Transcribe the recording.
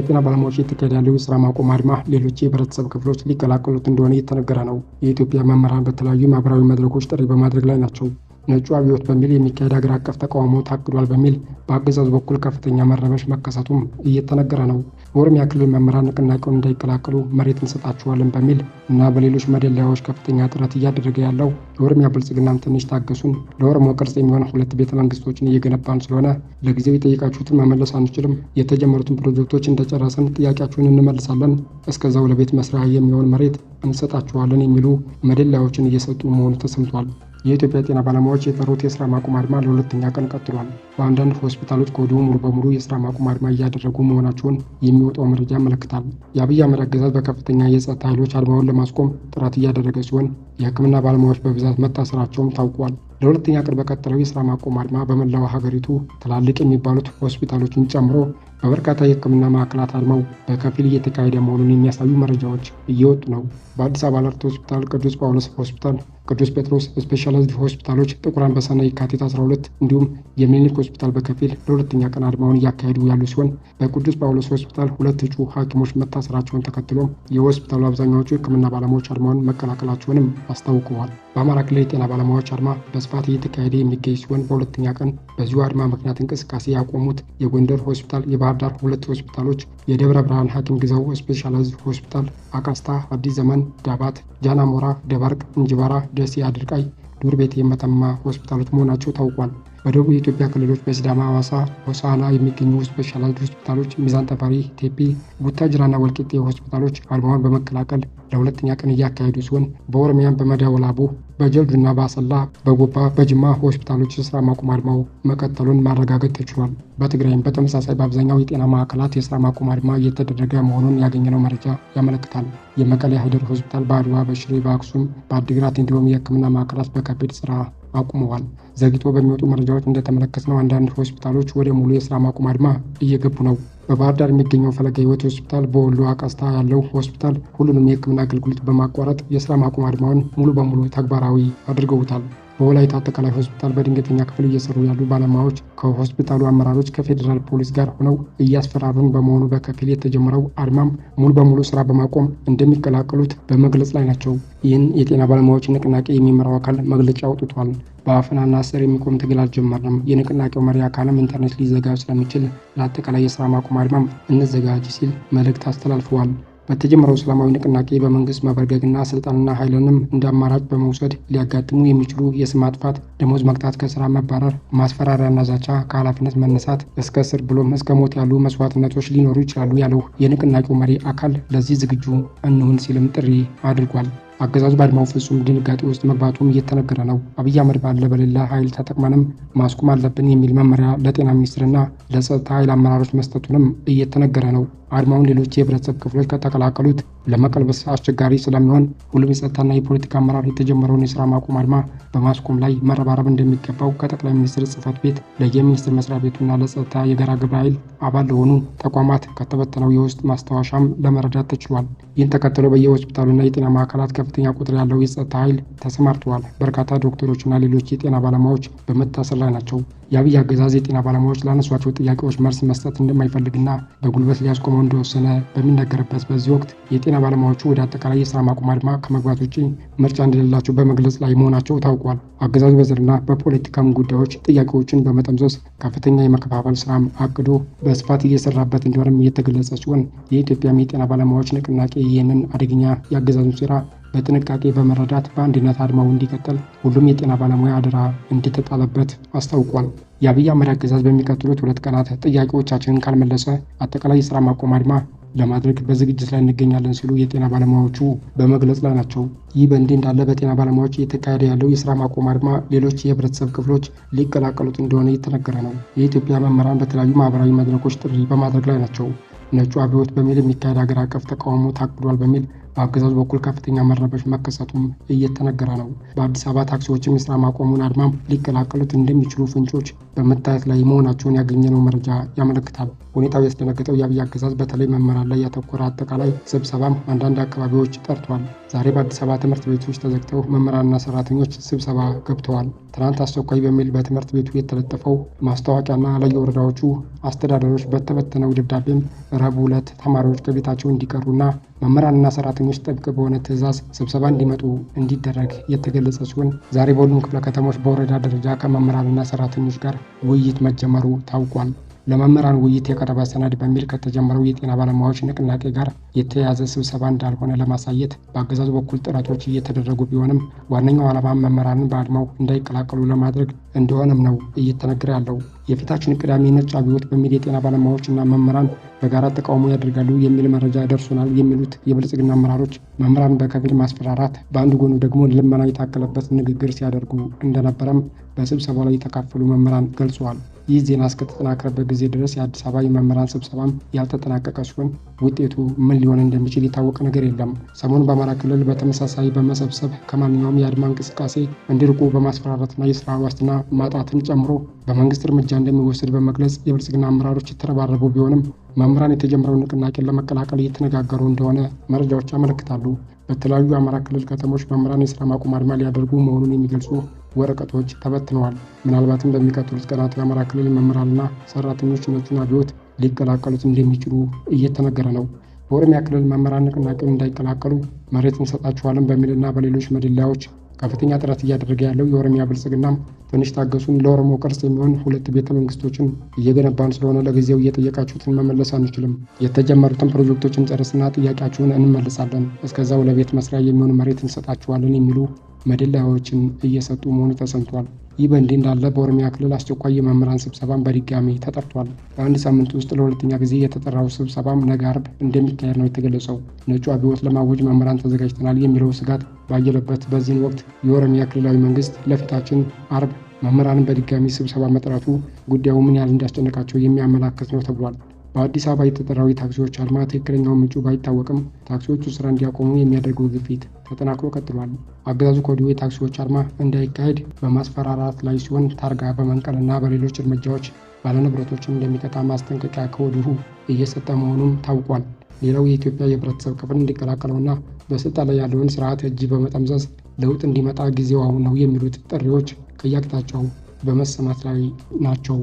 የጤና ባለሙያዎች የተካሄደ ያለው የስራ ማቆም አድማ ሌሎች የህብረተሰብ ክፍሎች ሊቀላቀሉት እንደሆነ እየተነገረ ነው። የኢትዮጵያ መምህራን በተለያዩ ማህበራዊ መድረኮች ጥሪ በማድረግ ላይ ናቸው። ነጩ አብዮት በሚል የሚካሄድ ሀገር አቀፍ ተቃውሞ ታቅዷል በሚል በአገዛዙ በኩል ከፍተኛ መረበሽ መከሰቱም እየተነገረ ነው። በኦሮሚያ ክልል መምህራን ንቅናቄውን እንዳይቀላቀሉ መሬት እንሰጣቸዋለን በሚል እና በሌሎች መደለያዎች ከፍተኛ ጥረት እያደረገ ያለው የኦሮሚያ ብልጽግናም ትንሽ ታገሱን፣ ለኦሮሞ ቅርጽ የሚሆን ሁለት ቤተ መንግስቶችን እየገነባን ስለሆነ ለጊዜው የጠየቃችሁትን መመለስ አንችልም፣ የተጀመሩትን ፕሮጀክቶች እንደጨረሰን ጥያቄያችሁን እንመልሳለን፣ እስከዛው ለቤት መስሪያ የሚሆን መሬት እንሰጣቸዋለን የሚሉ መደለያዎችን እየሰጡ መሆኑ ተሰምቷል። የኢትዮጵያ ጤና ባለሙያዎች የጠሩት የስራ ማቆም አድማ ለሁለተኛ ቀን ቀጥሏል። በአንዳንድ ሆስፒታሎች ከወዲሁ ሙሉ በሙሉ የስራ ማቆም አድማ እያደረጉ መሆናቸውን የሚወጣው መረጃ ያመለክታል። የአብይ አህመድ አገዛዝ በከፍተኛ የጸጥታ ኃይሎች አድማውን ለማስቆም ጥረት እያደረገ ሲሆን የሕክምና ባለሙያዎች በብዛት መታሰራቸውም ታውቋል። ለሁለተኛ ቀን በቀጠለው የስራ ማቆም አድማ በመላው ሀገሪቱ ትላልቅ የሚባሉት ሆስፒታሎችን ጨምሮ በበርካታ የሕክምና ማዕከላት አድማው በከፊል እየተካሄደ መሆኑን የሚያሳዩ መረጃዎች እየወጡ ነው። በአዲስ አበባ አለርት ሆስፒታል፣ ቅዱስ ጳውሎስ ሆስፒታል፣ ቅዱስ ጴጥሮስ ስፔሻላይዝድ ሆስፒታሎች፣ ጥቁር አንበሳና የካቲት 12 እንዲሁም የሚኒልክ ሆስፒታል በከፊል ለሁለተኛ ቀን አድማውን እያካሄዱ ያሉ ሲሆን በቅዱስ ጳውሎስ ሆስፒታል ሁለት እጩ ሐኪሞች መታሰራቸውን ተከትሎም የሆስፒታሉ አብዛኛዎቹ የሕክምና ባለሙያዎች አድማውን መቀላቀላቸውንም አስታውቀዋል። በአማራ ክልል የጤና ባለሙያዎች አድማ በስፋት እየተካሄደ የሚገኝ ሲሆን በሁለተኛ ቀን በዚሁ አድማ ምክንያት እንቅስቃሴ ያቆሙት የጎንደር ሆስፒታል፣ የባህር ዳር ሁለት ሆስፒታሎች፣ የደብረ ብርሃን ሐኪም ግዛው ስፔሻላይዝ ሆስፒታል፣ አቃስታ፣ አዲስ ዘመን፣ ዳባት፣ ጃናሞራ፣ ደባርቅ፣ እንጅባራ፣ ደሴ፣ አድርቃይ፣ ዱር ቤት፣ የመተማ ሆስፒታሎች መሆናቸው ታውቋል። በደቡብ የኢትዮጵያ ክልሎች በሲዳማ፣ ሐዋሳ፣ ሆሳና የሚገኙ ስፔሻላይዝድ ሆስፒታሎች፣ ሚዛን ተፈሪ፣ ቴፒ፣ ቡታጅራና ወልቂጤ ሆስፒታሎች አድማውን በመቀላቀል ለሁለተኛ ቀን እያካሄዱ ሲሆን በኦሮሚያን በመደወላቡ በጀልዱና በአሰላ በጎባ በጅማ ሆስፒታሎች የስራ ማቆም አድማው መቀጠሉን ማረጋገጥ ተችሏል። በትግራይም በተመሳሳይ በአብዛኛው የጤና ማዕከላት የስራ ማቆም አድማ እየተደረገ መሆኑን ያገኘነው መረጃ ያመለክታል። የመቀሌ ሀይደር ሆስፒታል በአድዋ፣ በሽሬ፣ በአክሱም፣ በአዲግራት እንዲሁም የህክምና ማዕከላት በከቢድ ስራ አቁመዋል። ዘግይቶ በሚወጡ መረጃዎች እንደተመለከትነው አንዳንድ ሆስፒታሎች ወደ ሙሉ የስራ ማቆም አድማ እየገቡ ነው። በባህር ዳር የሚገኘው ፈለገ ህይወት ሆስፒታል፣ በወሎ አቃስታ ያለው ሆስፒታል ሁሉንም የህክምና አገልግሎት በማቋረጥ የስራ ማቆም አድማውን ሙሉ በሙሉ ተግባራዊ አድርገውታል። በወላይታ አጠቃላይ ሆስፒታል በድንገተኛ ክፍል እየሰሩ ያሉ ባለሙያዎች ከሆስፒታሉ አመራሮች ከፌዴራል ፖሊስ ጋር ሆነው እያስፈራሩን በመሆኑ በከፊል የተጀመረው አድማም ሙሉ በሙሉ ስራ በማቆም እንደሚቀላቀሉት በመግለጽ ላይ ናቸው። ይህን የጤና ባለሙያዎች ንቅናቄ የሚመራው አካል መግለጫ አውጥቷል። በአፈናና ስር የሚቆም ትግል አልጀመርንም። የንቅናቄው መሪ አካልም ኢንተርኔት ሊዘጋጅ ስለሚችል ለአጠቃላይ የስራ ማቆም አድማም እንዘጋጅ ሲል መልእክት አስተላልፈዋል። በተጀመረው ሰላማዊ ንቅናቄ በመንግስት መበርገግና ስልጣንና ኃይልንም እንደ አማራጭ በመውሰድ ሊያጋጥሙ የሚችሉ የስም ማጥፋት፣ ደሞዝ መቅጣት፣ ከስራ መባረር፣ ማስፈራሪያና ዛቻ፣ ከኃላፊነት መነሳት እስከ እስር ብሎም እስከ ሞት ያሉ መስዋዕትነቶች ሊኖሩ ይችላሉ ያለው የንቅናቄው መሪ አካል ለዚህ ዝግጁ እንሁን ሲልም ጥሪ አድርጓል። አገዛዙ በአድማው ፍጹም ድንጋጤ ውስጥ መግባቱም እየተነገረ ነው። አብይ አህመድ ባለ በሌላ ኃይል ተጠቅመንም ማስቆም አለብን የሚል መመሪያ ለጤና ሚኒስትርና ለጸጥታ ኃይል አመራሮች መስጠቱንም እየተነገረ ነው። አድማውን ሌሎች የህብረተሰብ ክፍሎች ከተቀላቀሉት ለመቀልበስ አስቸጋሪ ስለሚሆን ሁሉም የጸጥታና የፖለቲካ አመራር የተጀመረውን የስራ ማቆም አድማ በማስቆም ላይ መረባረብ እንደሚገባው ከጠቅላይ ሚኒስትር ጽህፈት ቤት ለየሚኒስትር መስሪያ ቤቱና ለጸጥታ የጋራ ግብረ ኃይል አባል ለሆኑ ተቋማት ከተበተነው የውስጥ ማስታወሻም ለመረዳት ተችሏል። ይህን ተከትሎ በየሆስፒታሉና የጤና ማዕከላት ከፍተኛ ቁጥር ያለው የጸጥታ ኃይል ተሰማርተዋል። በርካታ ዶክተሮችና ሌሎች የጤና ባለሙያዎች በመታሰር ላይ ናቸው። የአብይ አገዛዝ የጤና ባለሙያዎች ላነሷቸው ጥያቄዎች መልስ መስጠት እንደማይፈልግና በጉልበት ሊያስቆመው እንደወሰነ በሚነገርበት በዚህ ወቅት የጤና ባለሙያዎቹ ወደ አጠቃላይ የስራ ማቆም አድማ ከመግባት ውጭ ምርጫ እንደሌላቸው በመግለጽ ላይ መሆናቸው ታውቋል። አገዛዙ በዘርና በፖለቲካም ጉዳዮች ጥያቄዎችን በመጠምዘዝ ከፍተኛ የመከፋፈል ስራም አቅዶ በስፋት እየሰራበት እንደሆነም እየተገለጸ ሲሆን የኢትዮጵያም የጤና ባለሙያዎች ንቅናቄ ይህንን አደገኛ የአገዛዙን ሴራ በጥንቃቄ በመረዳት በአንድነት አድማው እንዲቀጥል ሁሉም የጤና ባለሙያ አደራ እንድትጣለበት አስታውቋል። የአብይ አህመድ አገዛዝ በሚቀጥሉት ሁለት ቀናት ጥያቄዎቻችንን ካልመለሰ አጠቃላይ የስራ ማቆም አድማ ለማድረግ በዝግጅት ላይ እንገኛለን ሲሉ የጤና ባለሙያዎቹ በመግለጽ ላይ ናቸው። ይህ በእንዲህ እንዳለ በጤና ባለሙያዎች እየተካሄደ ያለው የስራ ማቆም አድማ ሌሎች የህብረተሰብ ክፍሎች ሊቀላቀሉት እንደሆነ እየተነገረ ነው። የኢትዮጵያ መምህራን በተለያዩ ማህበራዊ መድረኮች ጥሪ በማድረግ ላይ ናቸው። ነጩ አብዮት በሚል የሚካሄድ ሀገር አቀፍ ተቃውሞ ታቅዷል በሚል በአገዛዙ በኩል ከፍተኛ መረበሽ መከሰቱም እየተነገረ ነው። በአዲስ አበባ ታክሲዎችም የስራ ማቆሙን አድማ ሊቀላቀሉት እንደሚችሉ ፍንጮች በመታየት ላይ መሆናቸውን ያገኘነው መረጃ ያመለክታል። ሁኔታው ያስደነገጠው የአብይ አገዛዝ በተለይ መምህራን ላይ ያተኮረ አጠቃላይ ስብሰባም አንዳንድ አካባቢዎች ጠርቷል። ዛሬ በአዲስ አበባ ትምህርት ቤቶች ተዘግተው መምህራንና ሰራተኞች ስብሰባ ገብተዋል። ትናንት አስቸኳይ በሚል በትምህርት ቤቱ የተለጠፈው ማስታወቂያና ለየወረዳዎቹ አስተዳደሮች በተበተነው ደብዳቤም ረቡዕ ዕለት ተማሪዎች ከቤታቸው እንዲቀሩና መምህራንና ሰራተ ሰራተኞች ጥብቅ በሆነ ትዕዛዝ ስብሰባ እንዲመጡ እንዲደረግ የተገለጸ ሲሆን ዛሬ በሁሉም ክፍለ ከተሞች በወረዳ ደረጃ ከመምህራንና ሰራተኞች ጋር ውይይት መጀመሩ ታውቋል። ለመምህራን ውይይት የቀረበ ሰነድ በሚል ከተጀመረው የጤና ባለሙያዎች ንቅናቄ ጋር የተያያዘ ስብሰባ እንዳልሆነ ለማሳየት በአገዛዙ በኩል ጥረቶች እየተደረጉ ቢሆንም ዋነኛው ዓላማ መምህራንን በአድማው እንዳይቀላቀሉ ለማድረግ እንደሆነም ነው እየተነገረ ያለው። የፊታችን ቅዳሜ ነጭ አብዮት በሚል የጤና ባለሙያዎችና መምህራን በጋራ ተቃውሞ ያደርጋሉ የሚል መረጃ ደርሶናል የሚሉት የብልጽግና አመራሮች መምህራን በከፊል ማስፈራራት፣ በአንድ ጎኑ ደግሞ ልመና የታከለበት ንግግር ሲያደርጉ እንደነበረም በስብሰባው ላይ የተካፈሉ መምህራን ገልጸዋል። ይህ ዜና እስከተጠናከረበት ጊዜ ድረስ የአዲስ አበባ የመምህራን ስብሰባም ያልተጠናቀቀ ሲሆን ውጤቱ ምን ሊሆን እንደሚችል የታወቀ ነገር የለም። ሰሞኑን በአማራ ክልል በተመሳሳይ በመሰብሰብ ከማንኛውም የአድማ እንቅስቃሴ እንዲርቁ በማስፈራራትና የስራ ዋስትና ማጣትን ጨምሮ በመንግስት እርምጃ እንደሚወሰድ በመግለጽ የብልጽግና አመራሮች የተረባረቡ ቢሆንም መምህራን የተጀመረውን ንቅናቄን ለመቀላቀል እየተነጋገሩ እንደሆነ መረጃዎች ያመለክታሉ። በተለያዩ የአማራ ክልል ከተሞች መምህራን የስራ ማቆም አድማ ሊያደርጉ መሆኑን የሚገልጹ ወረቀቶች ተበትነዋል። ምናልባትም በሚቀጥሉት ቀናት የአማራ ክልል መምህራንና ሰራተኞች እነሱን አብዮት ሊቀላቀሉት እንደሚችሉ እየተነገረ ነው። በኦሮሚያ ክልል መምህራን ንቅናቄውን እንዳይቀላቀሉ መሬት እንሰጣችኋለን በሚልና በሌሎች መድለያዎች ከፍተኛ ጥረት እያደረገ ያለው የኦሮሚያ ብልጽግና ትንሽ ታገሱን፣ ለኦሮሞ ቅርስ የሚሆን ሁለት ቤተ መንግስቶችን እየገነባን ስለሆነ ለጊዜው እየጠየቃችሁትን መመለስ አንችልም። የተጀመሩትን ፕሮጀክቶችን ጨርስና ጥያቄያችሁን እንመልሳለን። እስከዛው ለቤት መስሪያ የሚሆን መሬት እንሰጣችኋለን የሚሉ መደላዎችን እየሰጡ መሆኑ ተሰምቷል። ይህ በእንዲህ እንዳለ በኦሮሚያ ክልል አስቸኳይ የመምህራን ስብሰባም በድጋሚ ተጠርቷል። በአንድ ሳምንት ውስጥ ለሁለተኛ ጊዜ የተጠራው ስብሰባም ነገ አርብ እንደሚካሄድ ነው የተገለጸው። ነጩ አብዮት ለማወጅ መምህራን ተዘጋጅተናል የሚለው ስጋት ባየለበት በዚህን ወቅት የኦሮሚያ ክልላዊ መንግስት ለፊታችን አርብ መምህራንን በድጋሚ ስብሰባ መጥራቱ ጉዳዩ ምን ያህል እንዳስጨነቃቸው የሚያመላክት ነው ተብሏል። በአዲስ አበባ የተጠራው የታክሲዎች አድማ ትክክለኛው ምንጩ ባይታወቅም ታክሲዎቹ ስራ እንዲያቆሙ የሚያደርገው ግፊት ተጠናክሮ ቀጥሏል። አገዛዙ ከወዲሁ የታክሲዎች አድማ እንዳይካሄድ በማስፈራራት ላይ ሲሆን ታርጋ በመንቀልና በሌሎች እርምጃዎች ባለንብረቶችን እንደሚቀጣ ማስጠንቀቂያ ከወዲሁ እየሰጠ መሆኑም ታውቋል። ሌላው የኢትዮጵያ የህብረተሰብ ክፍል እንዲቀላቀለውና በስልጣን ላይ ያለውን ስርዓት እጅ በመጠምዘዝ ለውጥ እንዲመጣ ጊዜው አሁን ነው የሚሉት ጥሪዎች ከያቅጣጫው በመሰማት ላይ ናቸው።